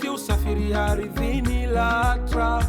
kudhibiti usafiri ardhini LATRA.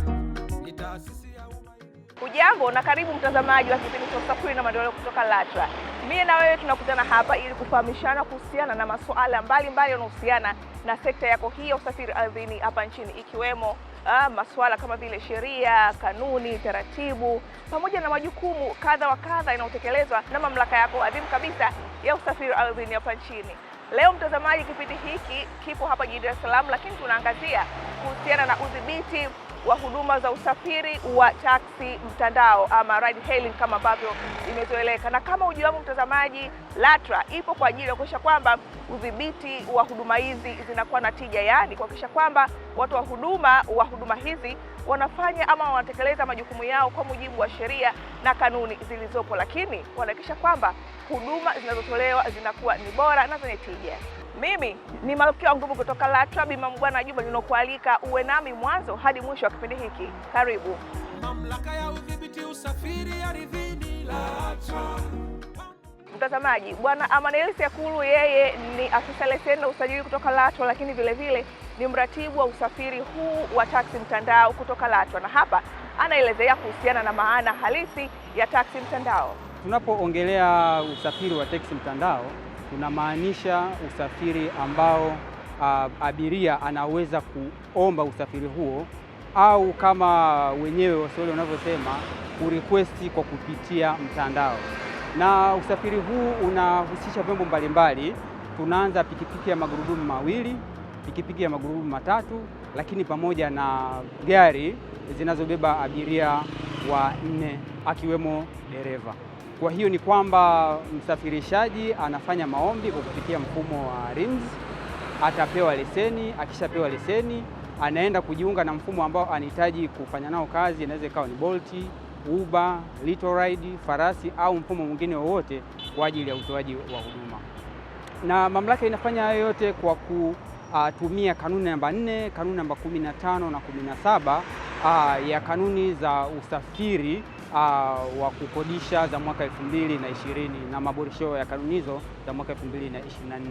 Ujambo na karibu mtazamaji wa kipindi cha usafiri na maendeleo kutoka LATRA. Mimi na wewe tunakutana hapa ili kufahamishana kuhusiana na masuala mbalimbali yanayohusiana na sekta yako hii ya usafiri ardhini hapa nchini ikiwemo ah, masuala kama vile sheria, kanuni, taratibu pamoja na majukumu kadha wa kadha yanayotekelezwa na mamlaka yako adhimu kabisa ya usafiri ardhini hapa nchini. Leo mtazamaji, kipindi hiki kipo hapa jijini Dar es Salaam, lakini tunaangazia kuhusiana na udhibiti wa huduma za usafiri wa taksi mtandao ama ride hailing kama ambavyo imezoeleka. Na kama ujiwamu mtazamaji, LATRA ipo kwa ajili ya kuhakikisha kwamba udhibiti wa huduma hizi zinakuwa na tija, yaani kuhakikisha kwamba watu wa huduma wa huduma hizi wanafanya ama wanatekeleza majukumu yao kwa mujibu wa sheria na kanuni zilizopo, lakini wanahakikisha kwamba huduma zinazotolewa zinakuwa ni bora na zenye tija. Mimi ni Malkia wa Nguvu kutoka LATRA, Bima Mbwana Juma, ninokualika uwe nami mwanzo hadi mwisho wa kipindi hiki. Karibu. Mamlaka ya udhibiti usafiri ardhini LATRA. Mtazamaji, Bwana amanelis Yakulu yeye ni afisa leseni na usajili kutoka LATRA, lakini vilevile ni mratibu wa usafiri huu wa taksi mtandao kutoka Latwa, na hapa anaelezea kuhusiana na maana halisi ya taksi mtandao. Tunapoongelea usafiri wa taksi mtandao tunamaanisha usafiri ambao uh, abiria anaweza kuomba usafiri huo au kama wenyewe Waswahili wanavyosema kurequest kwa kupitia mtandao. Na usafiri huu unahusisha vyombo mbalimbali. Tunaanza pikipiki ya magurudumu mawili pikipiki ya magurudumu matatu, lakini pamoja na gari zinazobeba abiria wa nne akiwemo dereva. Kwa hiyo ni kwamba msafirishaji anafanya maombi kwa kupitia mfumo wa RIMS, atapewa leseni. Akishapewa leseni, anaenda kujiunga na mfumo ambao anahitaji kufanya nao kazi, inaweza ikawa ni Bolt, Uber, Little Ride, Farasi au mfumo mwingine wowote kwa ajili ya utoaji wa huduma, na mamlaka inafanya hayo yote kwa ku atumia ah, kanuni namba 4, kanuni namba 15 na 17 aa, ah, ya kanuni za usafiri ah, wa kukodisha za mwaka 2020 na maboresho ya kanuni hizo za mwaka 2024.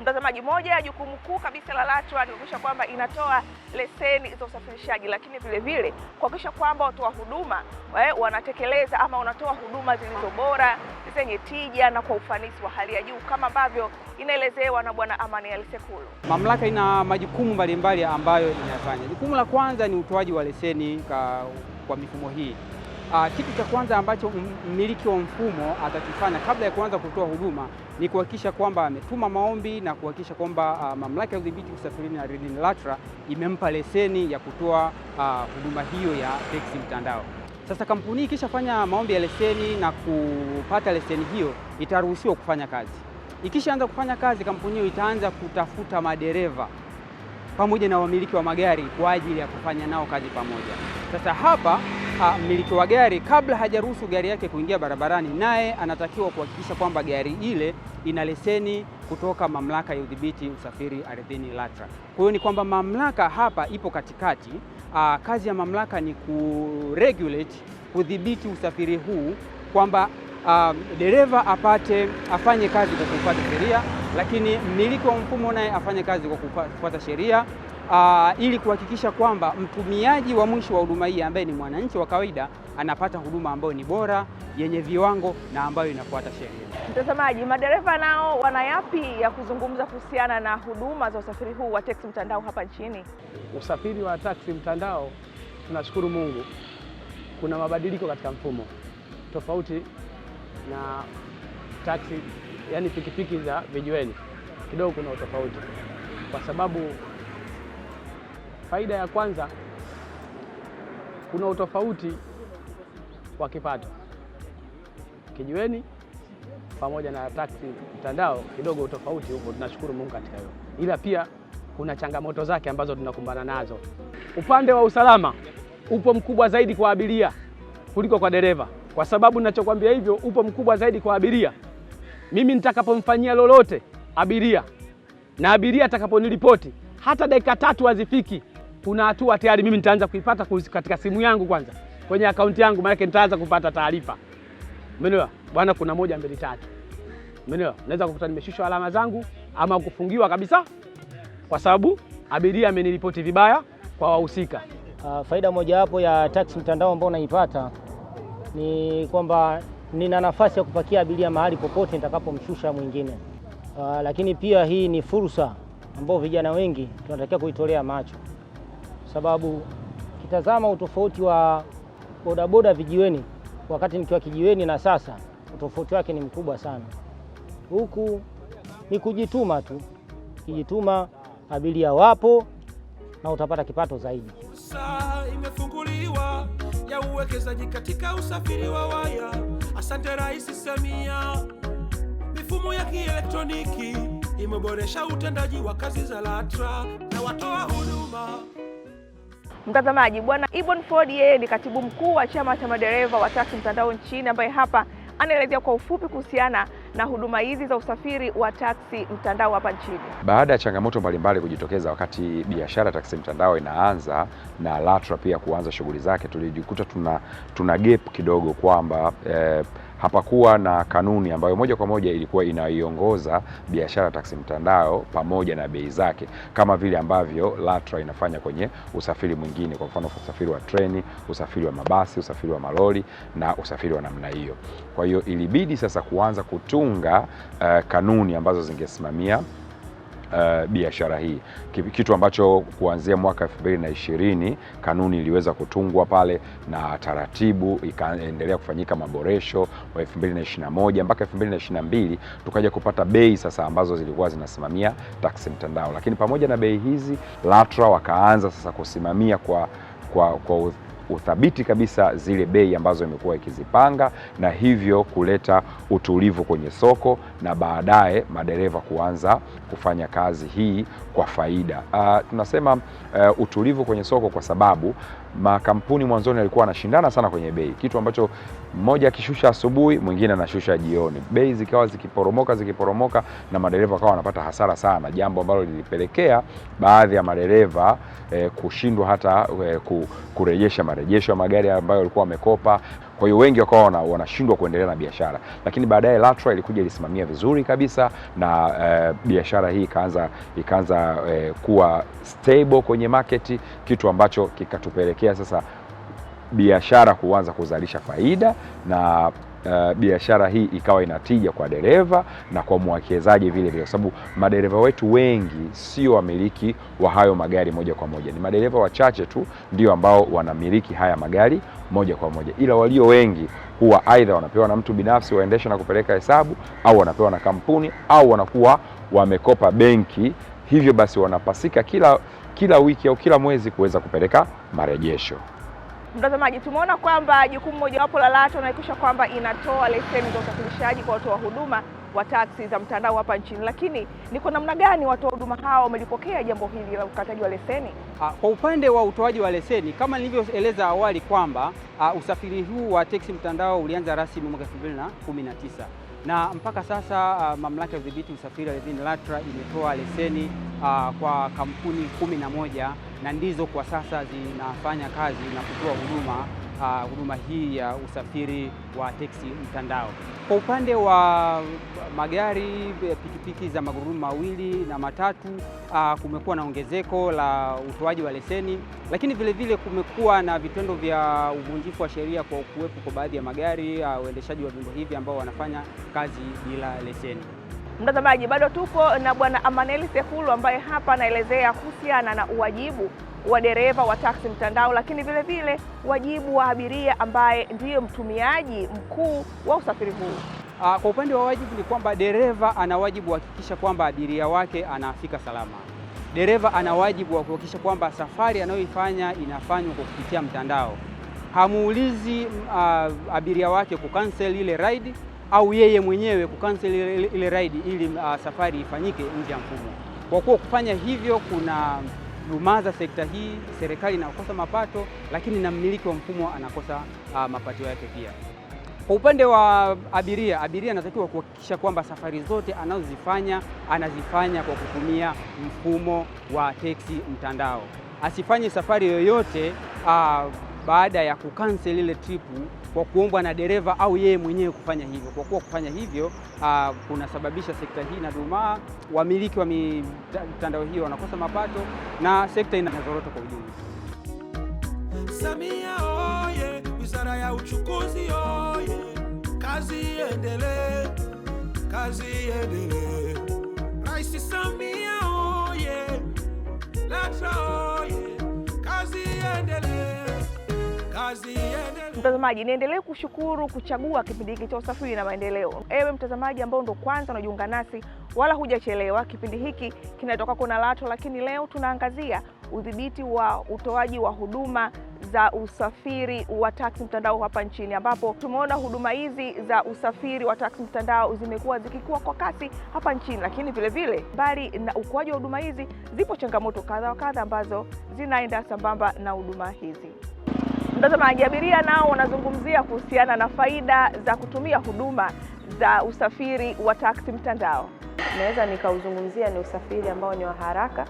Mtazamaji, moja ya jukumu kuu kabisa la LATRA ni kuhakikisha kwamba inatoa leseni za usafirishaji, lakini vile vile kuhakikisha kwamba watoa huduma eh, wanatekeleza ama wanatoa huduma zilizo bora, zenye tija na kwa ufanisi wa hali ya juu kama ambavyo inaelezewa na Bwana Amaniel Sekulu. Mamlaka ina majukumu mbalimbali ambayo inayafanya. Jukumu la kwanza ni utoaji wa leseni kwa mifumo hii Uh, kitu cha kwanza ambacho mmiliki wa mfumo atakifanya kabla ya kuanza kutoa huduma ni kuhakikisha kwamba ametuma maombi na kuhakikisha kwamba uh, mamlaka ya udhibiti usafiri na ardhini LATRA imempa leseni ya kutoa uh, huduma hiyo ya teksi mtandao. Sasa kampuni hii ikishafanya maombi ya leseni na kupata leseni hiyo itaruhusiwa kufanya kazi. Ikishaanza kufanya kazi, kampuni hiyo itaanza kutafuta madereva pamoja na wamiliki wa magari kwa ajili ya kufanya nao kazi pamoja. Sasa hapa ah, mmiliki wa gari kabla hajaruhusu gari yake kuingia barabarani, naye anatakiwa kuhakikisha kwamba gari ile ina leseni kutoka mamlaka ya udhibiti usafiri ardhini LATRA. Kwa hiyo ni kwamba mamlaka hapa ipo katikati. Aa, ah, kazi ya mamlaka ni kuregulate, kudhibiti usafiri huu kwamba um, dereva apate afanye kazi kwa kufuata sheria, lakini mmiliki wa mfumo naye afanye kazi kwa kufuata sheria uh, ili kuhakikisha kwamba mtumiaji wa mwisho wa huduma hii ambaye ni mwananchi wa kawaida anapata huduma ambayo ni bora, yenye viwango na ambayo inafuata sheria. Mtazamaji, madereva nao wana yapi ya kuzungumza kuhusiana na huduma za usafiri huu wa teksi mtandao hapa nchini? Usafiri wa taksi mtandao, tunashukuru Mungu kuna mabadiliko katika mfumo tofauti na taksi, yani pikipiki za vijiweni, kidogo kuna utofauti, kwa sababu faida ya kwanza, kuna utofauti wa kipato kijiweni pamoja na taksi mtandao, kidogo utofauti huko. Tunashukuru Mungu katika hiyo, ila pia kuna changamoto zake ambazo tunakumbana nazo. Upande wa usalama upo mkubwa zaidi kwa abiria kuliko kwa dereva. Kwa sababu ninachokwambia hivyo, upo mkubwa zaidi kwa abiria. Mimi nitakapomfanyia lolote abiria na abiria atakaponiripoti hata dakika tatu hazifiki, kuna hatua tayari mimi nitaanza kuipata katika simu yangu, kwanza kwenye akaunti yangu, maana nitaanza kupata taarifa. Umeelewa bwana? Kuna moja mbili tatu, umeelewa? Naweza kukuta nimeshushwa alama zangu ama kufungiwa kabisa, kwa sababu abiria ameniripoti vibaya kwa wahusika. Uh, faida mojawapo ya taxi mtandao ambao unaipata ni kwamba nina nafasi ya kupakia abiria mahali popote nitakapomshusha mwingine. Uh, lakini pia hii ni fursa ambayo vijana wengi tunatakiwa kuitolea macho, sababu kitazama utofauti wa bodaboda vijiweni wakati nikiwa kijiweni na sasa, utofauti wake ni mkubwa sana. Huku ni kujituma tu, kijituma, abiria wapo na utapata kipato zaidi ya uwekezaji katika usafiri wa waya. Asante Rais Samia. Mifumo ya kielektroniki imeboresha utendaji wa kazi za LATRA na watoa huduma. Mtazamaji, Bwana Ibon Ford yeye ni katibu mkuu wa chama cha madereva wa taksi mtandao nchini, ambaye hapa anaelezea kwa ufupi kuhusiana na huduma hizi za usafiri wa taksi mtandao hapa nchini. Baada ya changamoto mbalimbali kujitokeza wakati biashara taksi mtandao inaanza na LATRA pia kuanza shughuli zake, tulijikuta tuna, tuna gap kidogo kwamba eh, hapakuwa na kanuni ambayo moja kwa moja ilikuwa inaiongoza biashara taksi mtandao pamoja na bei zake, kama vile ambavyo LATRA inafanya kwenye usafiri mwingine, kwa mfano usafiri wa treni, usafiri wa mabasi, usafiri wa malori na usafiri wa namna hiyo. Kwa hiyo ilibidi sasa kuanza kutunga uh, kanuni ambazo zingesimamia uh, biashara hii, kitu ambacho kuanzia mwaka 2020 kanuni iliweza kutungwa pale na taratibu ikaendelea kufanyika maboresho wa 2021 mpaka 2022 tukaja kupata bei sasa ambazo zilikuwa zinasimamia taksi mtandao, lakini pamoja na bei hizi LATRA wakaanza sasa kusimamia kwa, kwa, kwa uthabiti kabisa zile bei ambazo imekuwa ikizipanga na hivyo kuleta utulivu kwenye soko na baadaye madereva kuanza kufanya kazi hii kwa faida. Uh, tunasema uh, utulivu kwenye soko kwa sababu makampuni mwanzoni yalikuwa anashindana sana kwenye bei, kitu ambacho mmoja akishusha asubuhi mwingine anashusha jioni, bei zikawa zikiporomoka zikiporomoka, na madereva wakawa wanapata hasara sana, jambo ambalo lilipelekea baadhi ya madereva eh, kushindwa hata eh, kurejesha marejesho ya magari ambayo walikuwa wamekopa. Kwa hiyo wengi wakawa wanashindwa kuendelea na biashara, lakini baadaye LATRA ilikuja ilisimamia vizuri kabisa na uh, biashara hii ikaanza ikaanza uh, kuwa stable kwenye market, kitu ambacho kikatupelekea sasa biashara kuanza kuzalisha faida na uh, biashara hii ikawa inatija kwa dereva na kwa mwekezaji vile vile, kwa sababu madereva wetu wengi sio wamiliki wa hayo magari moja kwa moja. Ni madereva wachache tu ndio ambao wanamiliki haya magari moja kwa moja, ila walio wengi huwa aidha wanapewa na mtu binafsi waendesha na kupeleka hesabu, au wanapewa na kampuni, au wanakuwa wamekopa benki. Hivyo basi wanapasika kila, kila wiki au kila mwezi kuweza kupeleka marejesho. Mtazamaji, tumeona kwamba jukumu mojawapo la LATRA inahakikisha kwamba inatoa leseni za usafirishaji kwa watoa huduma wa taksi za mtandao hapa nchini, lakini ni kwa namna gani watoa huduma hawa wamelipokea jambo hili la ukataji wa leseni? Ah, kwa upande wa utoaji wa leseni, kama nilivyoeleza awali kwamba ah, usafiri huu wa teksi mtandao ulianza rasmi mwaka 2019 na mpaka sasa uh, mamlaka ya udhibiti usafiri wa leseni LATRA imetoa leseni uh, kwa kampuni 11 na na ndizo kwa sasa zinafanya kazi na kutoa huduma uh, huduma hii ya usafiri wa teksi mtandao. Kwa upande wa magari, pikipiki za magurudumu mawili na matatu, uh, kumekuwa na ongezeko la utoaji wa leseni, lakini vilevile kumekuwa na vitendo vya uvunjifu wa sheria kwa kuwepo kwa baadhi ya magari, uendeshaji ah, wa vyombo hivi ambao wanafanya kazi bila leseni. Mtazamaji, bado tuko na bwana Amaneli Sekulu ambaye hapa anaelezea kuhusiana na uwajibu wa dereva wa taksi mtandao, lakini vile vile wajibu wa abiria ambaye ndiye mtumiaji mkuu wa usafiri huu. Ah, kwa upande wa wajibu ni kwamba dereva ana wajibu wa kuhakikisha kwamba abiria wake anafika salama. Dereva ana wajibu wa kuhakikisha kwamba safari anayoifanya inafanywa kwa kupitia mtandao. Hamuulizi uh, abiria wake kukansel ile ride au yeye mwenyewe kukansel ile, ile raidi ili uh, safari ifanyike nje ya mfumo. Kwa kuwa kufanya hivyo kuna dumaza sekta hii, serikali inakosa mapato, lakini na mmiliki wa mfumo anakosa uh, mapato yake pia. Kwa upande wa abiria, abiria anatakiwa kuhakikisha kwamba safari zote anazozifanya anazifanya kwa kutumia mfumo wa teksi mtandao, asifanye safari yoyote uh, baada ya kukansel ile tripu kwa kuombwa na dereva au yeye mwenyewe kufanya hivyo, kwa kuwa kufanya hivyo uh, kunasababisha sekta hii na dumaa, wamiliki wa mitandao hiyo wanakosa mapato na sekta inazorota kwa ujumla. Samia oye! Wizara ya Uchukuzi oye! Kazi iendelee, kazi iendelee. Rais Samia oye! LATRA oye! Mtazamaji, niendelee kushukuru kuchagua kipindi hiki cha usafiri na maendeleo. Ewe mtazamaji ambao ndo kwanza unajiunga nasi, wala hujachelewa. Kipindi hiki kinatoka kuna Lato, lakini leo tunaangazia udhibiti wa utoaji wa huduma za usafiri wa taksi mtandao hapa nchini, ambapo tumeona huduma hizi za usafiri wa taksi mtandao zimekuwa zikikua kwa kasi hapa nchini. Lakini vilevile, mbali na ukuaji wa huduma hizi, zipo changamoto kadha wa kadha ambazo zinaenda sambamba na huduma hizi. Mtazamaji, abiria nao wanazungumzia kuhusiana na faida za kutumia huduma za usafiri wa taksi mtandao. Naweza nikauzungumzia ni usafiri ambao ni wa haraka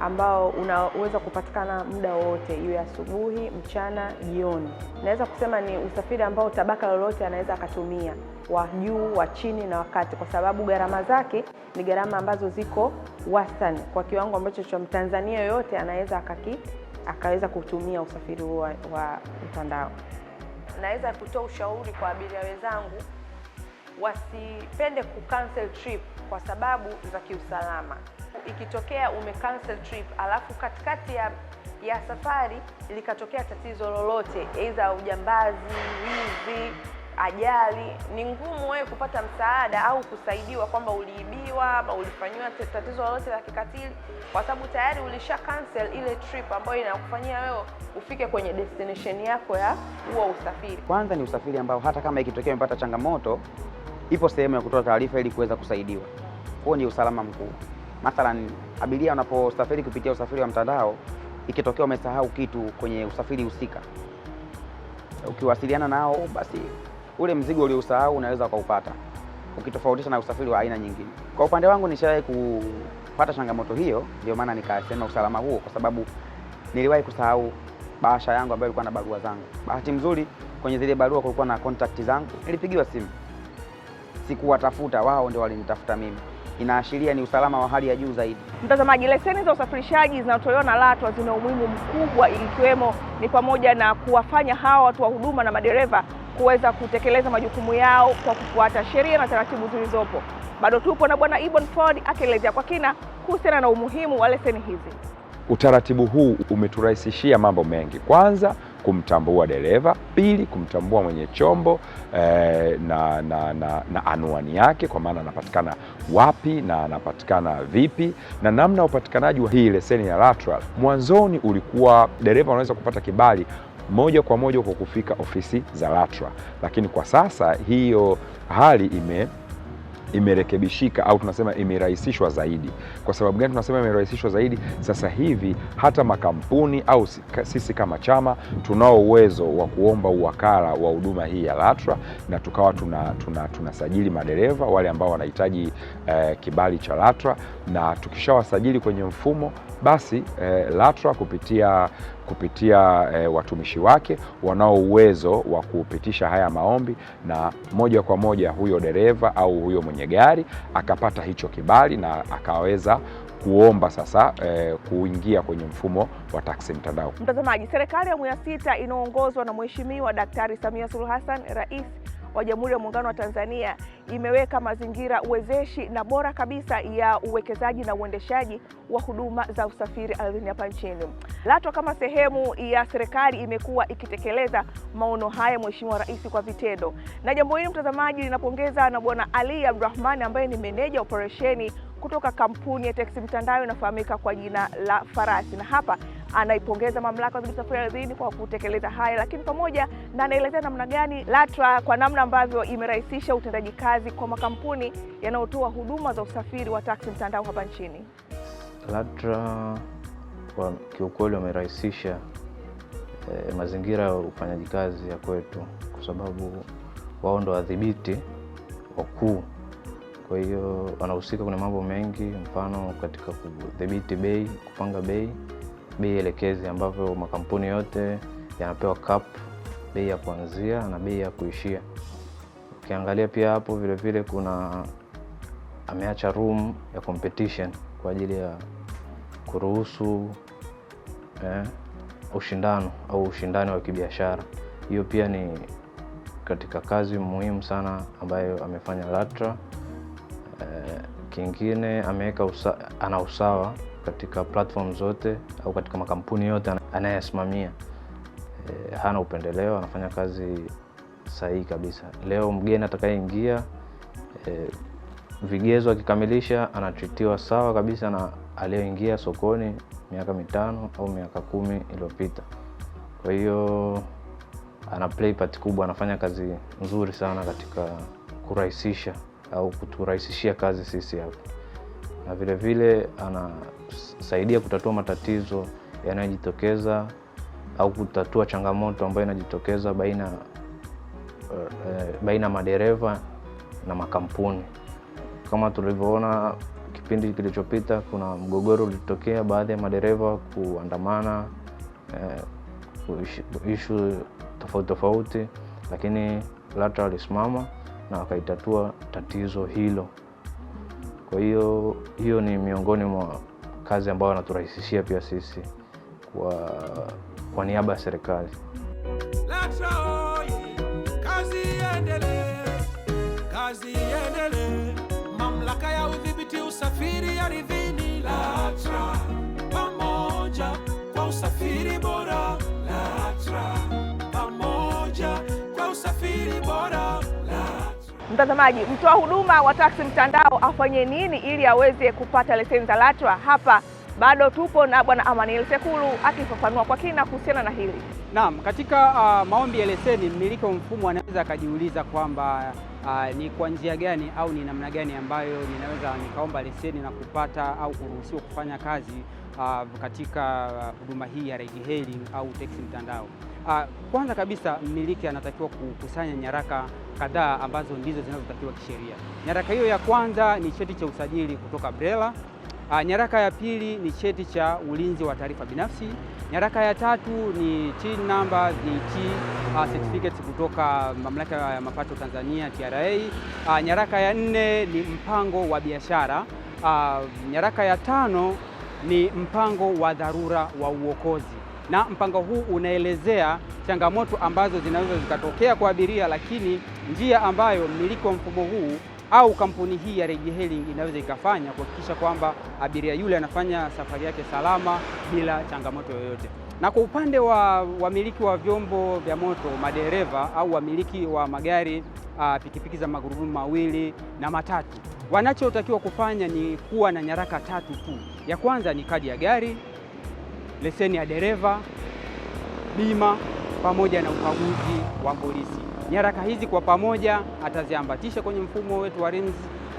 ambao unaweza kupatikana muda wowote, iwe asubuhi, mchana, jioni. Naweza kusema ni usafiri ambao tabaka lolote anaweza akatumia, wa juu, wa chini na wakati, kwa sababu gharama zake ni gharama ambazo ziko wastani kwa kiwango ambacho cha Mtanzania yoyote anaweza akaki akaweza kutumia usafiri huo wa, wa mtandao. Naweza kutoa ushauri kwa abiria wenzangu wasipende cancel trip kwa sababu za kiusalama. Ikitokea cancel trip alafu katikati ya, ya safari likatokea tatizo lolote, aidha ujambazi, wizi ajali, ni ngumu wewe kupata msaada au kusaidiwa kwamba uliibiwa ama ulifanyiwa tatizo lolote la kikatili, kwa sababu tayari ulisha cancel ile trip ambayo inakufanyia wewe ufike kwenye destination yako ya huo usafiri. Kwanza ni usafiri ambao hata kama ikitokea umepata changamoto, ipo sehemu ya kutoa taarifa ili kuweza kusaidiwa. Huo ni usalama mkuu. Mathalan, abiria wanaposafiri kupitia usafiri wa mtandao, ikitokea umesahau kitu kwenye usafiri husika, ukiwasiliana nao basi ule mzigo uliousahau unaweza ukaupata ukitofautisha na usafiri wa aina nyingine. Kwa upande wangu nishawahi kupata changamoto hiyo, ndio maana nikasema usalama huo, kwa sababu niliwahi kusahau bahasha yangu ambayo ilikuwa na barua zangu. Bahati mzuri kwenye zile barua kulikuwa na contact zangu, nilipigiwa simu, sikuwatafuta wao, ndio walinitafuta mimi. Inaashiria ni usalama wa hali ya juu zaidi. Mtazamaji, leseni za usafirishaji zinazotolewa na LATRA zina umuhimu mkubwa, ikiwemo ni pamoja na kuwafanya hawa watu wa huduma na madereva kuweza kutekeleza majukumu yao kwa kufuata sheria na taratibu zilizopo. Bado tupo na Bwana Ibon Ford akielezea kwa kina kuhusiana na umuhimu wa leseni hizi. Utaratibu huu umeturahisishia mambo mengi. Kwanza, kumtambua dereva; pili, kumtambua mwenye chombo eh, na, na, na, na anwani yake, kwa maana anapatikana wapi na anapatikana vipi, na namna upatikanaji wa hii leseni ya LATRA. Mwanzoni ulikuwa dereva unaweza kupata kibali moja kwa moja kwa kufika ofisi za LATRA, lakini kwa sasa hiyo hali ime imerekebishika au tunasema imerahisishwa zaidi. Kwa sababu gani tunasema imerahisishwa zaidi? Sasa hivi hata makampuni au sisi kama chama tunao uwezo wa kuomba uwakala wa huduma hii ya LATRA na tukawa tunasajili tuna, tuna madereva wale ambao wanahitaji eh, kibali cha LATRA na tukishawasajili kwenye mfumo basi eh, LATRA kupitia, kupitia eh, watumishi wake wanao uwezo wa kupitisha haya maombi na moja kwa moja huyo dereva au huyo mwenye gari akapata hicho kibali na akaweza kuomba sasa eh, kuingia kwenye mfumo wa taksi mtandao. Mtazamaji, serikali ya awamu ya sita inaongozwa na Mheshimiwa Daktari Samia Suluhu Hassan, rais wa Jamhuri ya Muungano wa Tanzania imeweka mazingira uwezeshi na bora kabisa ya uwekezaji na uendeshaji wa huduma za usafiri ardhini hapa nchini. LATRA kama sehemu ya serikali imekuwa ikitekeleza maono haya, Mheshimiwa Rais, kwa vitendo, na jambo hili mtazamaji linapongeza na Bwana Ali Abdurahman ambaye ni meneja operesheni kutoka kampuni ya teksi mtandao inafahamika kwa jina la Farasi, na hapa anaipongeza mamlaka ya udhibiti usafiri ardhini kwa kutekeleza haya, lakini pamoja na anaelezea namna gani LATRA kwa namna ambavyo imerahisisha utendaji kazi kwa makampuni yanayotoa huduma za usafiri wa taksi mtandao hapa nchini. LATRA kwa kiukweli wamerahisisha e, mazingira ya ufanyaji kazi ya kwetu kwa sababu wao ndo wadhibiti wakuu kwa hiyo wanahusika kwenye mambo mengi, mfano katika kudhibiti bei, kupanga bei bei elekezi ambavyo makampuni yote yanapewa cap, bei ya kuanzia na bei ya kuishia. Ukiangalia pia hapo vile vile kuna ameacha room ya competition kwa ajili ya kuruhusu eh, ushindano au ushindani wa kibiashara. Hiyo pia ni katika kazi muhimu sana ambayo amefanya LATRA. Eh, kingine ameweka usa, ana usawa katika platform zote au katika makampuni yote anayeyasimamia, e, hana upendeleo, anafanya kazi sahihi kabisa. Leo mgeni atakayeingia e, vigezo akikamilisha, anatritiwa sawa kabisa na aliyoingia sokoni miaka mitano au miaka kumi iliyopita. Kwa hiyo ana play part kubwa, anafanya kazi nzuri sana katika kurahisisha au kuturahisishia kazi sisi hapa na vile anasaidia kutatua matatizo yanayojitokeza au kutatua changamoto ambayo inajitokeza baina, eh, baina madereva na makampuni. Kama tulivyoona kipindi kilichopita, kuna mgogoro ulitokea baadhi ya madereva kuandamana eh, ishu tofauti tofauti, lakini LATRA walisimama na wakaitatua tatizo hilo. Kwa hiyo hiyo ni miongoni mwa kazi ambayo wanaturahisishia pia sisi kwa, kwa niaba ya serikali. Kazi iendelee, kazi iendelee. Mamlaka ya udhibiti usafiri ardhini LATRA, pamoja kwa usafiri bora. LATRA, pamoja kwa usafiri bora. Mtazamaji, mtoa huduma wa taksi mtandao afanye nini ili aweze kupata leseni za LATRA? Hapa bado tupo na Bwana Amaniel Sekulu akifafanua kwa kina kuhusiana na hili. Naam, katika uh, maombi ya leseni, mmiliki wa mfumo anaweza akajiuliza kwamba uh, ni kwa njia gani au ni namna gani ambayo ninaweza nikaomba leseni na kupata au kuruhusiwa kufanya kazi uh, katika uh, huduma hii ya ride-hailing au teksi mtandao. Uh, kwanza kabisa mmiliki anatakiwa kukusanya nyaraka kadhaa ambazo ndizo zinazotakiwa kisheria. Nyaraka hiyo ya kwanza ni cheti cha usajili kutoka BRELA. Uh, nyaraka ya pili ni cheti cha ulinzi wa taarifa binafsi. Nyaraka ya tatu ni TIN number DT uh, certificate kutoka Mamlaka ya Mapato Tanzania TRA. Uh, nyaraka ya nne ni mpango wa biashara. Uh, nyaraka ya tano ni mpango wa dharura wa uokozi, na mpango huu unaelezea changamoto ambazo zinaweza zikatokea kwa abiria, lakini njia ambayo mmiliki wa mfumo huu au kampuni hii ya Rejiheli inaweza ikafanya kuhakikisha kwamba abiria yule anafanya safari yake salama bila changamoto yoyote. Na kwa upande wa wamiliki wa vyombo vya moto, madereva au wamiliki wa magari, ah, pikipiki za magurudumu mawili na matatu Wanachotakiwa kufanya ni kuwa na nyaraka tatu tu. Ya kwanza ni kadi ya gari, leseni ya dereva, bima pamoja na ukaguzi wa polisi. Nyaraka hizi kwa pamoja ataziambatisha kwenye mfumo wetu wa RIMS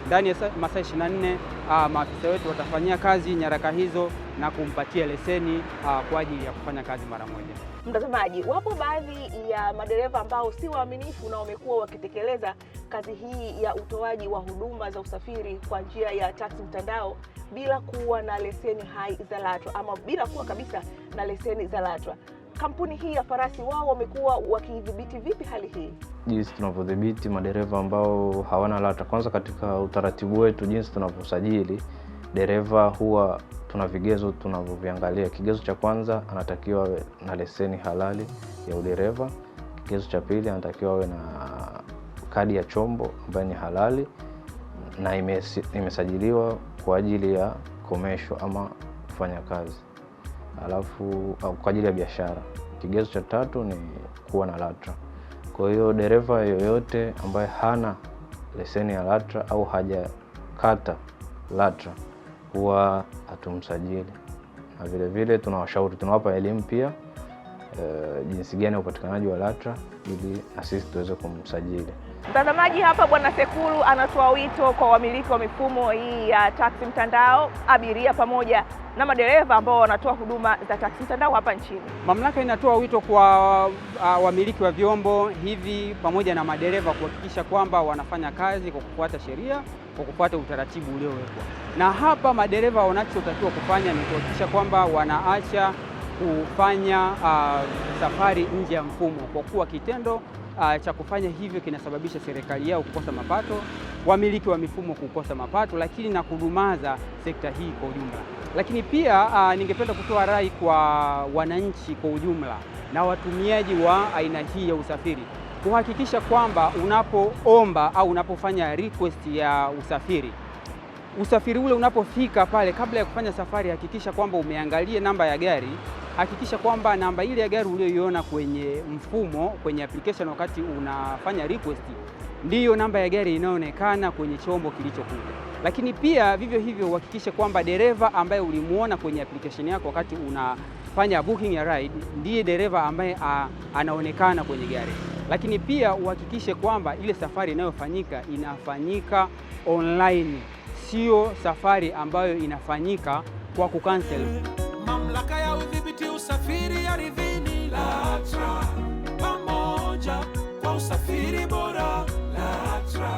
ndani ya masaa 24. Ah, maafisa wetu watafanyia kazi nyaraka hizo na kumpatia leseni ah, kwa ajili ya kufanya kazi mara moja. Mtazamaji, wapo baadhi ya madereva ambao si waaminifu na wamekuwa wakitekeleza kazi hii ya utoaji wa huduma za usafiri kwa njia ya taksi mtandao bila kuwa na leseni hai za LATRA ama bila kuwa kabisa na leseni za LATRA. Kampuni hii ya farasi, wao wamekuwa wakidhibiti vipi hali hii? Jinsi tunavyodhibiti madereva ambao hawana LATRA, kwanza katika utaratibu wetu, jinsi tunavyosajili dereva huwa tuna vigezo tunavyoviangalia. Kigezo cha kwanza anatakiwa awe na leseni halali ya udereva. Kigezo cha pili anatakiwa awe na kadi ya chombo ambayo ni halali na imesajiliwa kwa ajili ya komesho ama kufanya kazi, alafu kwa ajili ya biashara. Kigezo cha tatu ni kuwa na LATRA. Kwa hiyo dereva yoyote ambaye hana leseni ya LATRA au hajakata LATRA kuwa hatumsajili, na vile vile tunawashauri, tunawapa elimu pia e, jinsi gani ya upatikanaji wa LATRA ili na sisi tuweze kumsajili. Mtazamaji, hapa Bwana Sekulu anatoa wito kwa wamiliki wa mifumo hii ya taksi mtandao, abiria pamoja na madereva ambao wanatoa huduma za taksi mtandao hapa nchini. Mamlaka inatoa wito kwa uh, wamiliki wa vyombo hivi pamoja na madereva kuhakikisha kwamba wanafanya kazi kwa kufuata sheria, kwa kufuata utaratibu uliowekwa. Na hapa madereva wanachotakiwa kufanya ni kuhakikisha kwamba wanaacha kufanya uh, safari nje ya mfumo kwa kuwa kitendo uh, cha kufanya hivyo kinasababisha serikali yao kukosa mapato, wamiliki wa mifumo kukosa mapato, lakini na kudumaza sekta hii kwa ujumla. Lakini pia uh, ningependa kutoa rai kwa wananchi kwa ujumla na watumiaji wa aina hii ya usafiri kuhakikisha kwamba unapoomba au unapofanya request ya usafiri usafiri ule unapofika pale, kabla ya kufanya safari, hakikisha kwamba umeangalia namba ya gari, hakikisha kwamba namba ile ya gari uliyoiona kwenye mfumo, kwenye application, wakati unafanya request, ndiyo namba ya gari inayoonekana kwenye chombo kilichokuja. Lakini pia vivyo hivyo uhakikishe kwamba dereva ambaye ulimuona kwenye application yako wakati unafanya booking ya ride ndiye dereva ambaye a, anaonekana kwenye gari. Lakini pia uhakikishe kwamba ile safari inayofanyika inafanyika online sio safari ambayo inafanyika kwa kukansel. Mamlaka ya udhibiti usafiri ardhini LATRA, pamoja kwa usafiri bora. LATRA,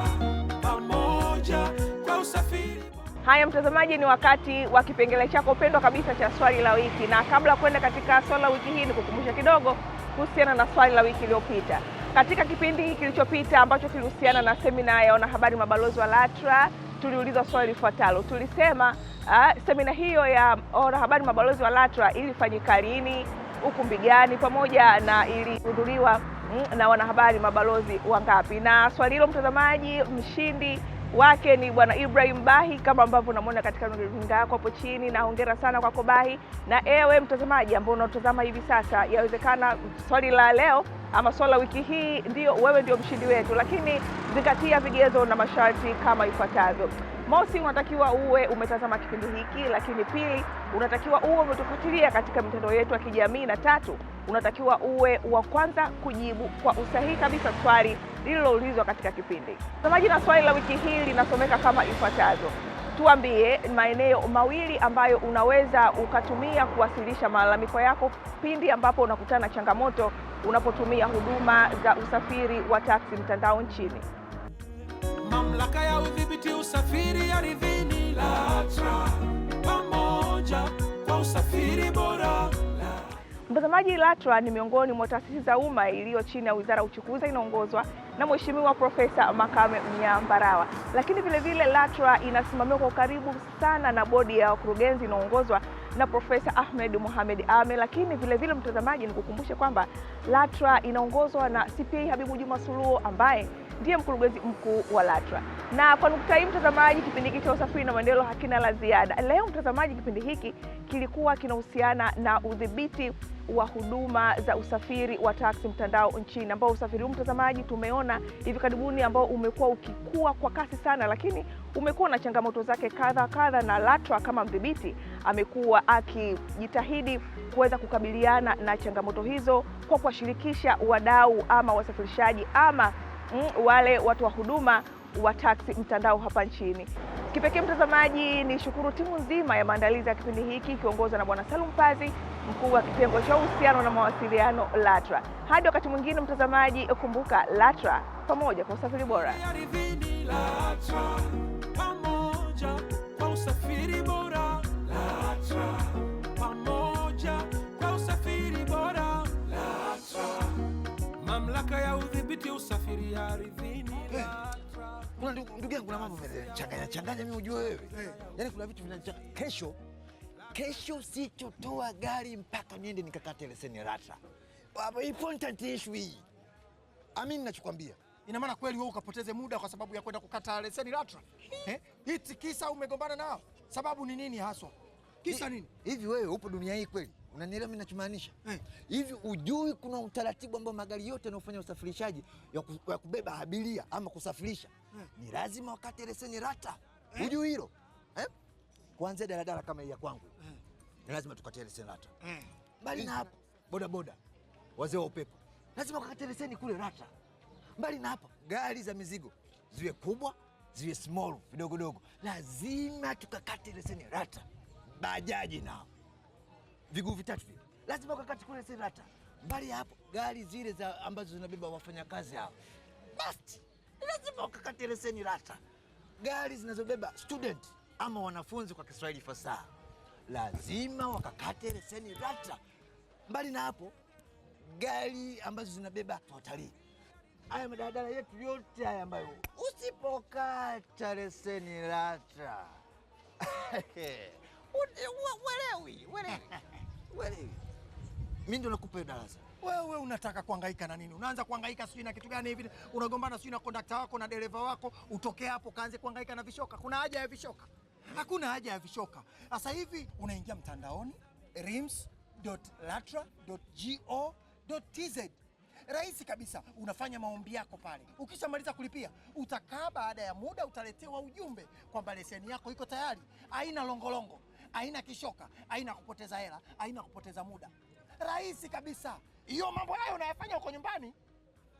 pamoja kwa usafiri bora. Haya mtazamaji, ni wakati wa kipengele chako pendwa kabisa cha swali la wiki, na kabla ya kwenda katika swali la wiki hii, ni kukumbusha kidogo kuhusiana na swali la wiki iliyopita. Katika kipindi kilichopita ambacho kilihusiana na semina ya wanahabari mabalozi wa LATRA tuliuliza swali lifuatalo. Tulisema uh, semina hiyo ya wanahabari mabalozi wa LATRA ilifanyika lini, ukumbi gani, pamoja na ilihudhuriwa mm, na wanahabari mabalozi wangapi? Na swali hilo mtazamaji, mshindi wake ni Bwana Ibrahim Bahi kama ambavyo unamwona katika runinga yako hapo chini, na hongera sana kwako Bahi. Na ewe mtazamaji ambao unaotazama hivi sasa, yawezekana swali la leo ama swali la wiki hii ndio wewe ndio mshindi wetu, lakini zingatia vigezo na masharti kama ifuatavyo. Mosi, unatakiwa uwe umetazama kipindi hiki, lakini pili, unatakiwa uwe umetufuatilia katika mitandao yetu ya kijamii, na tatu unatakiwa uwe wa kwanza kujibu kwa usahihi kabisa swali lililoulizwa katika kipindi. Mtazamaji, na swali la wiki hii linasomeka kama ifuatavyo: tuambie maeneo mawili ambayo unaweza ukatumia kuwasilisha malalamiko yako pindi ambapo unakutana changamoto unapotumia huduma za usafiri wa taksi mtandao nchini. Mamlaka ya udhibiti usafiri ardhini LATRA, pamoja kwa usafiri bora. Mtazamaji, LATRA ni miongoni mwa taasisi za umma iliyo chini ya Wizara ya Uchukuzi, inaongozwa na Mheshimiwa Profesa Makame Mnyambarawa, lakini vilevile LATRA inasimamiwa kwa karibu sana na bodi ya wakurugenzi inaongozwa na Profesa Ahmed Mohamed Ame. Lakini vilevile mtazamaji, nikukumbushe kwamba LATRA inaongozwa na CPA Habibu Juma Suluo ambaye ndiye mkurugenzi mkuu wa LATRA. Na kwa nukta hii, mtazamaji, kipindi hiki cha usafiri na maendeleo hakina la ziada leo. Mtazamaji, kipindi hiki kilikuwa kinahusiana na udhibiti wa huduma za usafiri wa taksi mtandao nchini, ambao usafiri huu mtazamaji, tumeona hivi karibuni ambao umekuwa ukikua kwa kasi sana, lakini umekuwa na changamoto zake kadha kadha, na LATRA kama mdhibiti amekuwa akijitahidi kuweza kukabiliana na changamoto hizo kwa kuwashirikisha wadau ama wasafirishaji ama mm, wale watu wa huduma wa taksi mtandao hapa nchini. Kipekee mtazamaji, ni shukuru timu nzima ya maandalizi ya kipindi hiki ikiongozwa na Bwana Salum Pazi, mkuu wa kitengo cha uhusiano na mawasiliano LATRA. Hadi wakati mwingine mtazamaji, kumbuka LATRA, pamoja kwa usafiri bora. LATRA, pamoja kwa usafiri bora. LATRA. udhibiti usafiri ardhini. Eh, ndugu yangu, kuna mambo vinanichanganya changanya mimi, ujue wewe hey. Eh. Yaani kuna vitu vinachanga Kesho kesho sichotoa gari mpaka niende nikakate leseni rata Important issue hii, amini nachokwambia. Ina maana kweli wewe ukapoteze muda kwa sababu ya kwenda kukata leseni RATRA eh? Eti kisa umegombana nao, sababu ni nini haswa? Kisa nini? Hivi wewe upo dunia hii kweli? Unanielewa mimi nachomaanisha? Eh. Hivi hey, ujui kuna utaratibu ambao magari yote yanayofanya usafirishaji ya kubeba abiria ama kusafirisha hey, eh. ni lazima wakate leseni rata hey. Eh. ujui hilo hey? Kuanzia daladala kama hii ya kwangu hey, ni lazima tukate leseni rata hey. Mbali na hapo bodaboda, wazee wa upepo lazima wakate leseni kule rata. Mbali na hapo gari za mizigo ziwe kubwa ziwe small vidogodogo, lazima tukakate leseni rata bajaji na viguu vitatu vile lazima ukakati kule Serata. Mbali hapo gari zile za ambazo zinabeba wafanyakazi hao, basi lazima ukakati leseni Rata. Gari zinazobeba student ama wanafunzi kwa Kiswahili fasaha lazima wakakate leseni Rata. Mbali na hapo, gari ambazo zinabeba watalii, haya madaladala yetu yote haya ambayo usipokata leseni Rata Uelewi, Mimi ndo nakupa darasa. Wewe unataka kuhangaika na nini? Unaanza kuhangaika sijui na kitu gani hivi, unagombana sijui na kondakta wako na dereva wako, utoke hapo kaanze kuhangaika na vishoka. Kuna haja ya vishoka? Hakuna haja ya vishoka. Sasa hivi unaingia mtandaoni rims.latra.go.tz rahisi kabisa, unafanya maombi yako pale. Ukishamaliza kulipia, utakaa baada ya muda utaletewa ujumbe kwamba leseni yako iko tayari, haina longolongo haina kishoka, haina kupoteza hela, haina kupoteza muda, rahisi kabisa. Hiyo mambo hayo unayafanya huko nyumbani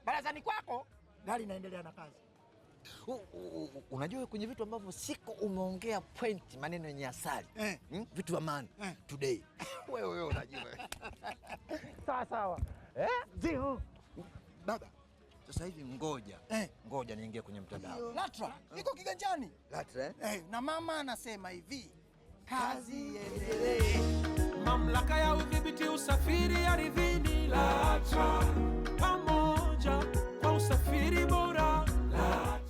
barazani kwako, gari inaendelea na kazi. unajua kwenye vitu ambavyo siko umeongea point maneno yenye asali eh, hmm? Vitu vya maana eh, today wewe wewe unajua sawa sawa eh? Ndio baba, sasa hivi ngoja eh, ngoja niingie kwenye mtandao LATRA iko kiganjani LATRA eh? Eh, na mama anasema hivi kazi iendelee. Mamlaka ya udhibiti usafiri ardhini LATRA, pamoja kwa usafiri bora LATRA.